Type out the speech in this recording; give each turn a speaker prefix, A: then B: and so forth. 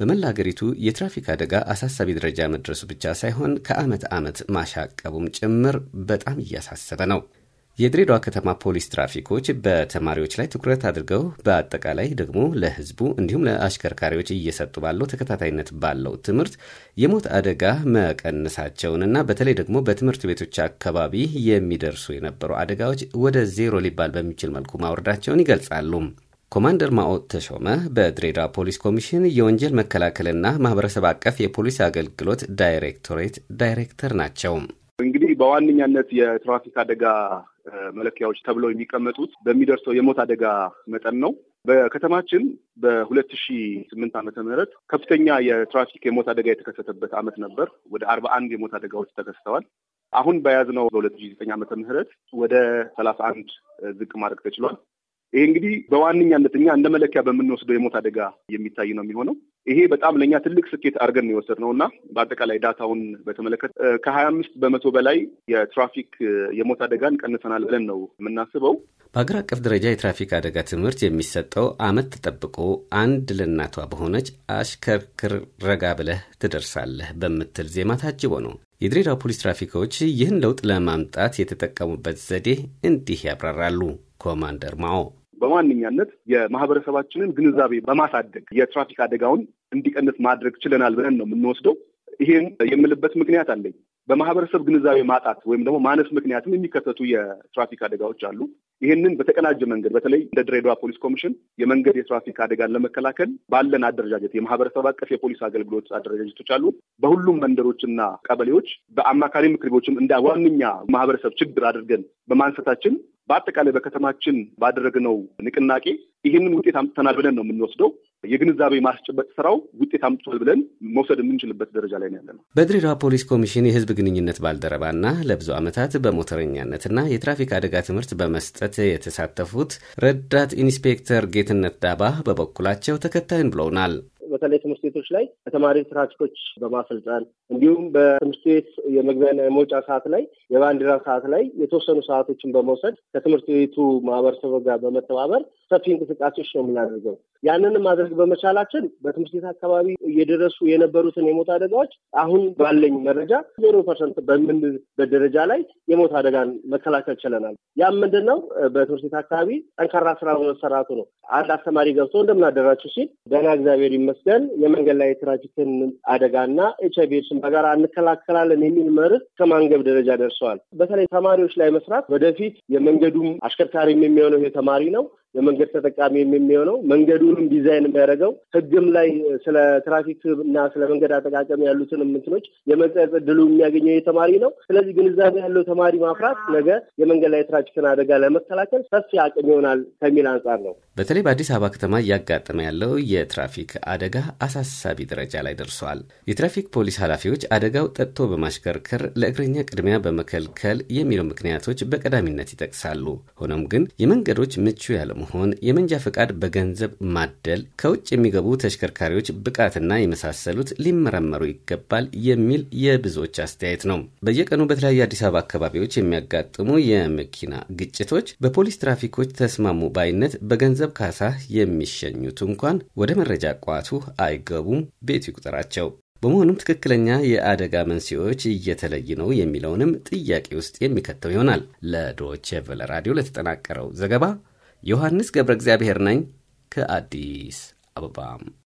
A: በመላ አገሪቱ የትራፊክ አደጋ አሳሳቢ ደረጃ መድረሱ ብቻ ሳይሆን ከዓመት ዓመት ማሻቀቡም ጭምር በጣም እያሳሰበ ነው። የድሬዳዋ ከተማ ፖሊስ ትራፊኮች በተማሪዎች ላይ ትኩረት አድርገው በአጠቃላይ ደግሞ ለሕዝቡ እንዲሁም ለአሽከርካሪዎች እየሰጡ ባለው ተከታታይነት ባለው ትምህርት የሞት አደጋ መቀነሳቸውንና በተለይ ደግሞ በትምህርት ቤቶች አካባቢ የሚደርሱ የነበሩ አደጋዎች ወደ ዜሮ ሊባል በሚችል መልኩ ማውረዳቸውን ይገልጻሉ። ኮማንደር ማኦት ተሾመ በድሬዳዋ ፖሊስ ኮሚሽን የወንጀል መከላከልና ማህበረሰብ አቀፍ የፖሊስ አገልግሎት ዳይሬክቶሬት ዳይሬክተር ናቸው።
B: እንግዲህ በዋነኛነት የትራፊክ አደጋ መለኪያዎች ተብለው የሚቀመጡት በሚደርሰው የሞት አደጋ መጠን ነው። በከተማችን በሁለት ሺ ስምንት ዓመተ ምህረት ከፍተኛ የትራፊክ የሞት አደጋ የተከሰተበት ዓመት ነበር። ወደ አርባ አንድ የሞት አደጋዎች ተከስተዋል። አሁን በያዝነው በሁለት ሺ ዘጠኝ ዓመተ ምህረት ወደ ሰላሳ አንድ ዝቅ ማድረግ ተችሏል። ይሄ እንግዲህ በዋነኛነት እኛ እንደ መለኪያ በምንወስደው የሞት አደጋ የሚታይ ነው የሚሆነው። ይሄ በጣም ለእኛ ትልቅ ስኬት አድርገን የወሰድ ነው እና በአጠቃላይ ዳታውን በተመለከተ ከሀያ አምስት በመቶ በላይ የትራፊክ የሞት አደጋን ቀንሰናል ብለን ነው የምናስበው።
A: በአገር አቀፍ ደረጃ የትራፊክ አደጋ ትምህርት የሚሰጠው አመት ተጠብቆ አንድ ለእናቷ በሆነች አሽከርክር ረጋ ብለህ ትደርሳለህ በምትል ዜማ ታጅቦ ነው። የድሬዳዋ ፖሊስ ትራፊኮች ይህን ለውጥ ለማምጣት የተጠቀሙበት ዘዴ እንዲህ ያብራራሉ ኮማንደር ማኦ
B: በዋነኛነት የማህበረሰባችንን ግንዛቤ በማሳደግ የትራፊክ አደጋውን እንዲቀንስ ማድረግ ችለናል ብለን ነው የምንወስደው። ይሄን የምልበት ምክንያት አለኝ። በማህበረሰብ ግንዛቤ ማጣት ወይም ደግሞ ማነስ ምክንያትም የሚከሰቱ የትራፊክ አደጋዎች አሉ። ይህንን በተቀናጀ መንገድ በተለይ እንደ ድሬዳዋ ፖሊስ ኮሚሽን የመንገድ የትራፊክ አደጋን ለመከላከል ባለን አደረጃጀት የማህበረሰብ አቀፍ የፖሊስ አገልግሎት አደረጃጀቶች አሉ። በሁሉም መንደሮችና ቀበሌዎች በአማካሪ ምክር ቤቶችም እንደ ዋነኛ ማህበረሰብ ችግር አድርገን በማንሳታችን በአጠቃላይ በከተማችን ባደረግነው ንቅናቄ ይህንን ውጤት አምጥተናል ብለን ነው የምንወስደው። የግንዛቤ ማስጨበጥ ስራው ውጤት አምጥቷል ብለን መውሰድ የምንችልበት ደረጃ ላይ ነው ነው።
A: በድሬዳዋ ፖሊስ ኮሚሽን የህዝብ ግንኙነት ባልደረባና ለብዙ ዓመታት በሞተረኛነትና የትራፊክ አደጋ ትምህርት በመስጠት የተሳተፉት ረዳት ኢንስፔክተር ጌትነት ዳባ በበኩላቸው ተከታዩን ብለውናል።
C: በተለይ ትምህርት ቤቶች ላይ ከተማሪ ትራፊኮች በማሰልጠን እንዲሁም በትምህርት ቤት የመግቢያና የመውጫ ሰዓት ላይ የባንዲራ ሰዓት ላይ የተወሰኑ ሰዓቶችን በመውሰድ ከትምህርት ቤቱ ማህበረሰብ ጋር በመተባበር ሰፊ እንቅስቃሴዎች ነው የምናደርገው። ያንንም ማድረግ በመቻላችን በትምህርት ቤት አካባቢ እየደረሱ የነበሩትን የሞት አደጋዎች አሁን ባለኝ መረጃ ዜሮ ፐርሰንት በምንልበት ደረጃ ላይ የሞት አደጋን መከላከል ችለናል። ያም ምንድን ነው? በትምህርት ቤት አካባቢ ጠንካራ ስራ መሰራቱ ነው። አንድ አስተማሪ ገብቶ እንደምናደራችሁ ሲል ደህና እግዚአብሔር ይመስገን የመንገድ ላይ የትራፊክን አደጋና ኤች አይቪ ኤድስን በጋራ እንከላከላለን የሚል መርህ ከማንገብ ደረጃ ደርሰዋል። በተለይ ተማሪዎች ላይ መስራት ወደፊት የመንገዱም አሽከርካሪም የሚሆነው የተማሪ ነው የመንገድ ተጠቃሚ የሚሆነው መንገዱንም ዲዛይን የሚያደርገው ህግም ላይ ስለ ትራፊክ እና ስለ መንገድ አጠቃቀም ያሉትን ምንትኖች የመቀጽ ድሉ የሚያገኘው የተማሪ ነው። ስለዚህ ግንዛቤ ያለው ተማሪ ማፍራት ነገ የመንገድ ላይ ትራፊክን አደጋ ለመከላከል ሰፊ አቅም ይሆናል ከሚል አንጻር ነው።
A: በተለይ በአዲስ አበባ ከተማ እያጋጠመ ያለው የትራፊክ አደጋ አሳሳቢ ደረጃ ላይ ደርሷል። የትራፊክ ፖሊስ ኃላፊዎች አደጋው ጠጥቶ በማሽከርከር ለእግረኛ ቅድሚያ በመከልከል የሚለው ምክንያቶች በቀዳሚነት ይጠቅሳሉ። ሆኖም ግን የመንገዶች ምቹ ያለመሆ መሆን፣ የመንጃ ፈቃድ በገንዘብ ማደል፣ ከውጭ የሚገቡ ተሽከርካሪዎች ብቃትና የመሳሰሉት ሊመረመሩ ይገባል የሚል የብዙዎች አስተያየት ነው። በየቀኑ በተለያዩ አዲስ አበባ አካባቢዎች የሚያጋጥሙ የመኪና ግጭቶች በፖሊስ ትራፊኮች ተስማሙ ባይነት በገንዘብ ካሳ የሚሸኙት እንኳን ወደ መረጃ ቋቱ አይገቡም፣ ቤቱ ይቁጠራቸው። በመሆኑም ትክክለኛ የአደጋ መንስኤዎች እየተለዩ ነው የሚለውንም ጥያቄ ውስጥ የሚከተው ይሆናል። ለዶቼ ቨለ ራዲዮ ለተጠናቀረው ዘገባ ዮሐንስ ገብረ እግዚአብሔር ነኝ ከአዲስ አበባ